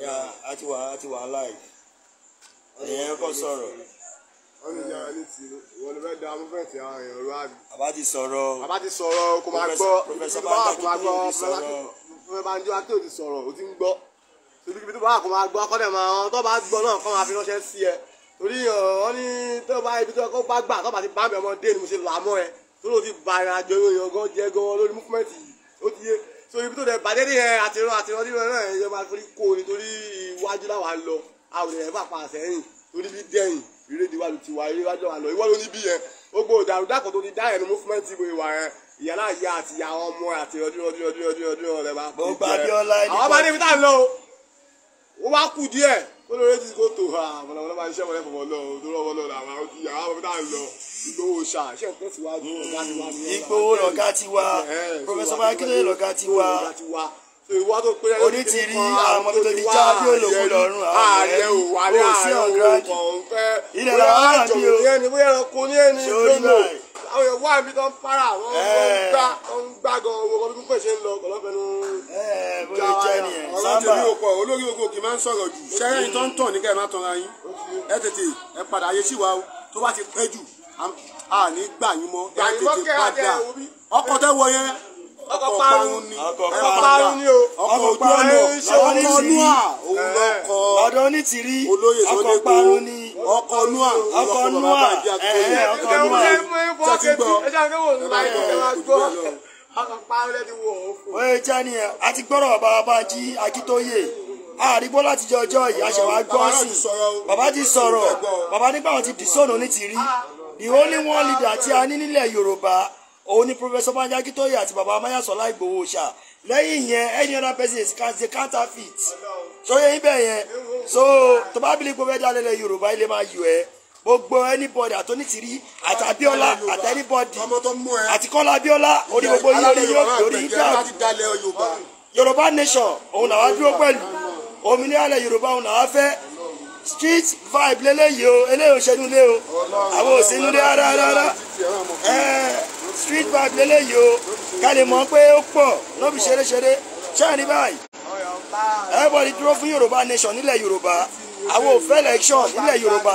a ti wà a ti wà láì ìyẹn kò sọ̀rọ̀. wọ́n ti yára ní ti wọ́n fẹ́ da amúfẹ́ ti àwọn èèyàn rú àbí. àbá ti sọ̀rọ̀ àbá ti sọ̀rọ̀ kò máa gbọ́ ibi tó bá wà kò máa gbọ́ pẹ̀lú banjo akéwì ti sọ̀rọ̀ o ti ń gbọ́ torí ibi tó bá wà kò máa gbọ́ akọ́dẹ̀ máa tó bá gbọ́ náà kọ́ máa fi ránṣẹ́ sí ẹ torí wọ́n ní tó bá ibi tó bá gbà tó bá ti bá mi ọmọdé ni mo ṣe làmọ́ ẹ tó ló ti bàrà àjọyọ̀ yọ̀ngàn jẹ́ gan lórí múfúmẹ́ǹtì yìí ó ti yé so ibi tó dẹ̀ bàjẹ́ ní ẹ àtìrán àtìrán nínú ẹ̀rọ ẹ̀yẹ máa fi kó o nítorí iwájú láwa lọ àwọn èèyàn bàbá àsẹ́yìn torí bí dẹ́yìn ìrè níwájú tiwa ìrè níwájú wa lọ ìwọ ló ní bí yẹn gbogbo ìdàrúdàpọ̀ tó ti dá ẹnu movement ìbò ìwà yẹn ìyàlá ìyá àti ìyá àwọn ọmọ àti ọdún ọdún ọdún ọdún ọdún ọdún ọdún ọdún ọdún ọdún ọdún ọdún ọdún ọdún ọdún ọdún ọdún ọdún ọdún olórí ti kó tó ha mọ̀nàmọ́ná máa ṣiṣẹ́ mọ̀lẹ́ fọmọ lọ tó rọ́wọ́ lọ làwọn àwọn ti àwọn bàbá náà lọ ìgbowó ṣá ṣe ń tẹ̀síwájú ọ̀gá tiwa. ìgbowó lọ̀gá tiwa pọfẹsọ mákindé lọ̀gá tiwa ìwà tó pé ẹni tí wọn àwọn ọmọ tó ti já bí ológun lọ́rùn ààrẹ ààrẹ òsì ọ̀gáràdì ilẹ̀ làwọn àjọ ní ẹni bóyá ẹranko ní ẹni lónà àwọn èèyàn wá ibi tó ń para wọn eh. ń gbá gan owó kan bí pípẹ́ ṣe ń lọ ọ̀pọ̀lọpọ̀ ẹnu eh, já wáyà ọ̀rọ̀ tèmi ò pọ̀ olórí gbogbo kì í máa ń sọ̀rọ̀ jù sẹ́yìn tó ń tàn ní kẹ́ẹ̀ má tanra yín ẹ tètè ẹ padà ayé sí wa o tó bá ti pẹ́ jù a ní gbà yín mọ́ ẹ tètè padà ọkọ̀ tẹ́ wọ yẹn ọkọ̀ parun ni ọkọ̀ parun ni o ọkọ̀ ojú ọ̀nà ọkọ̀ nua òun lọkọ̀ ọ̀dọ̀ ní tìrí ọkọ̀ parun ni ọkọ̀ nua ọkọ̀ nua ọkọ̀ nua tẹ́tí gbọ́ oye jani ẹ a ti gbọ́dọ̀ bàbá Bánjí Akíntóyè àrígbó láti jẹ ọjọ́ yìí àṣẹwà gbọ́ sí i bàbá ti sọ̀rọ̀ bàbá nígbà wọn ti dìsọ́nà ní ti rí the only one leader tí a ní nílẹ̀ Yorùbá òun ni Professor Bánjí Akíntóyè àti bàbá Amáyàsọ́lá Ìgbòho ṣá lẹ́yìn yẹn any other person is a counterfeit sọ yẹn ibẹ̀ yẹn so tó bá bìlí gbogbo ẹja lẹ́lẹ̀ Yorùbá ilé máa yọ ẹ́ gbogbo anybody àtọ́nítìrí àti Abíọ́lá àti anybody àti Kọ́lá Abíọ́lá orí gbogbo yín orí yín orí yín dá Yorùbá nation òun làwa dúró pẹ̀lú òmìnira ilẹ̀ Yorùbá òun làwa fẹ́ street vibe lélẹ́yìí o eléyìí ò ṣẹ́nu lé o àwọn ò sínú lé rárá rárá street vibe lélẹ́yìí o ká lè mọ̀ pé ó pọ̀ lọ́bì ṣeréṣeré ṣáà ní báyìí everybody dúró fún Yorùbá nation nílẹ̀ Yorùbá àwọn òfẹ́ election nílẹ̀ yorùbá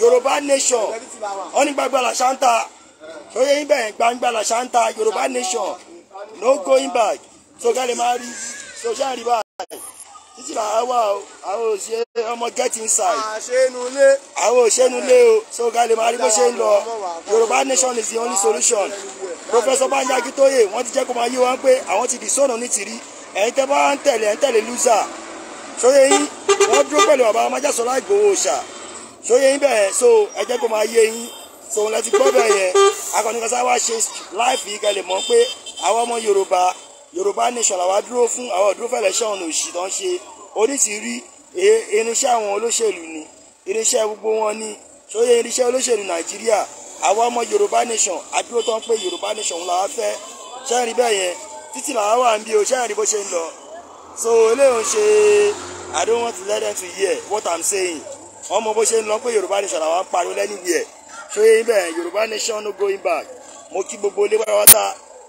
yorùbá nation wọ́n ní gbàgbà làṣántà lóye yín bẹ́ẹ̀ gbàgbà làṣántà yorùbá nation no going back sọgá lè máa rí sọjá rí báyìí títí là á wà àwọn òṣè ọmọ get inside àwọn òṣèlúlé o sọgá lè máa rí bó ṣe ń lọ yorùbá nation is the only solution professor Banji Akintoye wọ́n ti jẹ́ kó máa yé wọn pé àwọn ti dìsọ́nà ní tìrí ẹ̀yin tẹ́ bá ń tẹ̀lé ẹ̀ ń tẹ̀lé loser sóyè yín wọ́n dúró pẹ̀lú bàbá májàsọ́lá ìgbòho ṣà sóyè yín bẹ́ẹ̀ so ẹ jẹ́ kó máa yé yín so òun lẹ́ti gbọ́ bẹ́ẹ̀ yẹn akọ́nìkanṣá wa ṣe láìpì yìí kẹlẹ̀ mọ́ pé àwọn ọmọ yorùbá yorùbá nation làwa dúró fún àwọn dúró fẹ́lẹ̀ ṣẹ́ ọ̀nà òṣì tó ń ṣe oríṣiríṣi irinṣẹ́ àwọn olóṣèlú ni irinṣẹ́ gbogbo wọn ni sóyè irinṣẹ́ olóṣèlú nàìjíríà àwọn ọmọ yorùbá nation adúró tó ń pé yorùbá nation làwa fẹ́ ṣẹ́ẹ̀rí bẹ́ẹ̀ yẹn títí làwa wà ń bí o ṣẹ́ẹ̀rí bó ṣe ń lọ so eléyìí ń ṣe I don't want to let them to hear what I'm saying ọmọ bó ṣe ń lọ pé Yorùbá nation làwọn pariwo lẹ́nu ìwé ẹ̀ ṣóyè ibẹ̀ Yorùbá nation no going back mo kí gbogbo ilé pátápátá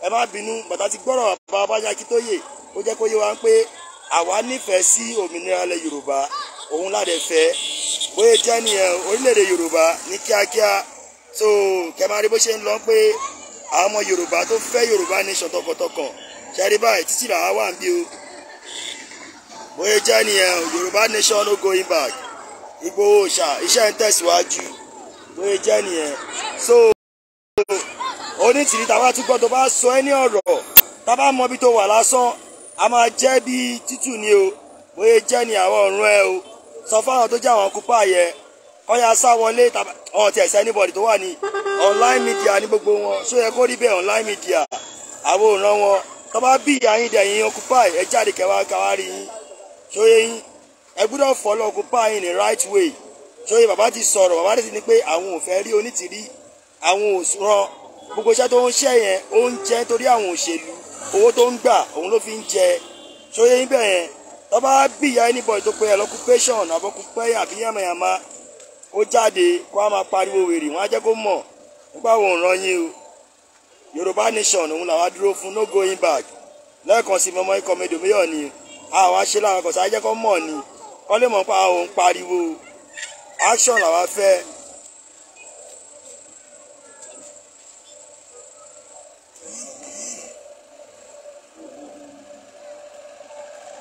ẹ má bínú bàtà ti gbọ́rọ̀ bàbá bájá Akíntóyè ó jẹ́ kó yé wa pé àwa nífẹ̀ẹ́ sí òmìnira ilẹ̀ Yorùbá òun láde fẹ́ bóyá jẹ́ nìyẹn orílẹ̀-èdè Yorùbá ní kíákíá so kẹ máa rí bó ṣe ń lọ pé àwọn ọmọ Yorùbá tó fẹ́ Yorùbá nation tọkàntọkàn ṣe rí báyìí títí làwa wà ń bí o bóyá jẹ́ nìyẹn yorùbá nation no going back Ìgbòho ṣá iṣẹ́ ń tẹ̀síwájú bóyá jẹ́ nìyẹn so onítìrí tàbá tún gbọ́dọ̀ bá sọ ẹ́ ní ọ̀rọ̀ tàbá mọ ibi tó wà lásán a máa jẹ́ bí títù ni o bóyá jẹ́ ni àwọn ọ̀run ẹ o sọ fáwọn tó jẹ́ àwọn kúpà yẹ kọ́yà sá wọlé ọ̀hún ti ẹ̀sẹ̀ anybody tó wà ní online media ní gbogbo wọn ṣó yẹ kó rí bẹ́ẹ̀ online media àwọn òòràn wọn tọ́ bá bí ìyá yín dẹ̀yìn occupy ẹ jáde kẹwàá kàwárí yín ṣóyé yín ẹ gbọ́dọ̀ follow occupy in the right way ṣóyé bàbá ti sọ̀rọ̀ bàbá ti ní pé àwọn ò fẹ́ rí onítìrí àwọn ò ràn gbogbo iṣẹ́ tó ń ṣe yẹn ó ń jẹ torí àwọn òṣèlú owó tó ń gbà òun ló fi ń jẹ ṣóyé yín bẹ́ẹ̀ yẹn tó bá bìyà anybody tó pe ẹlọ́kúpẹ́ṣọ̀n àbọ̀kúpẹ́ àbí yàmàyàmà ó jáde kó a máa pariwo wèrè wọn á jẹ́ kó mọ̀ nípa àwọn òǹràn yín o Yorùbá nation òun làwọn dúró fún no going back lẹ́ẹ̀kan sí mọ́mọ́ ikọ̀ mẹ́dòmíyàn ni o àwa ṣe láwọn kọ̀ọ̀sì ajẹ́ kọ́ mọ̀ ni kọ́ lè mọ̀ pa òun pariwo action làwa fẹ́.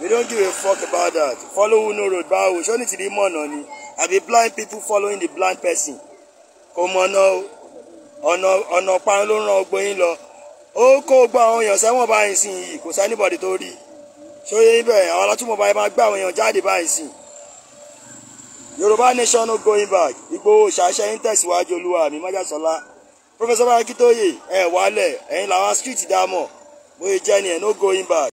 we don't give a fuck about that follow who no road báwo ṣé ó ní tìrí mọ̀nà ni àbí blind people following the blind person kò mọ̀nà ọ̀nà ọ̀nà parun ló ń ran ọgbọ́n yín lọ ó kó gbọ́ àwọn èèyàn sẹ́wọ̀n báyìí sí yìí kò sẹ́nibọ̀dì tó rí i ṣé ó yẹ ibẹ̀ àwọn alátúmọ̀ báyìí máa gbé àwọn èèyàn jáde báyìí sí yorùbá nation no going back Ìgbòho ṣàṣẹ yín tẹ̀síwájú olúwa mi májàsọ́lá professor Babakitoye ẹ̀ wálẹ̀ ẹ̀yin làwọn street dámọ̀ mo yẹ jẹ́ ni ẹ̀ no going back.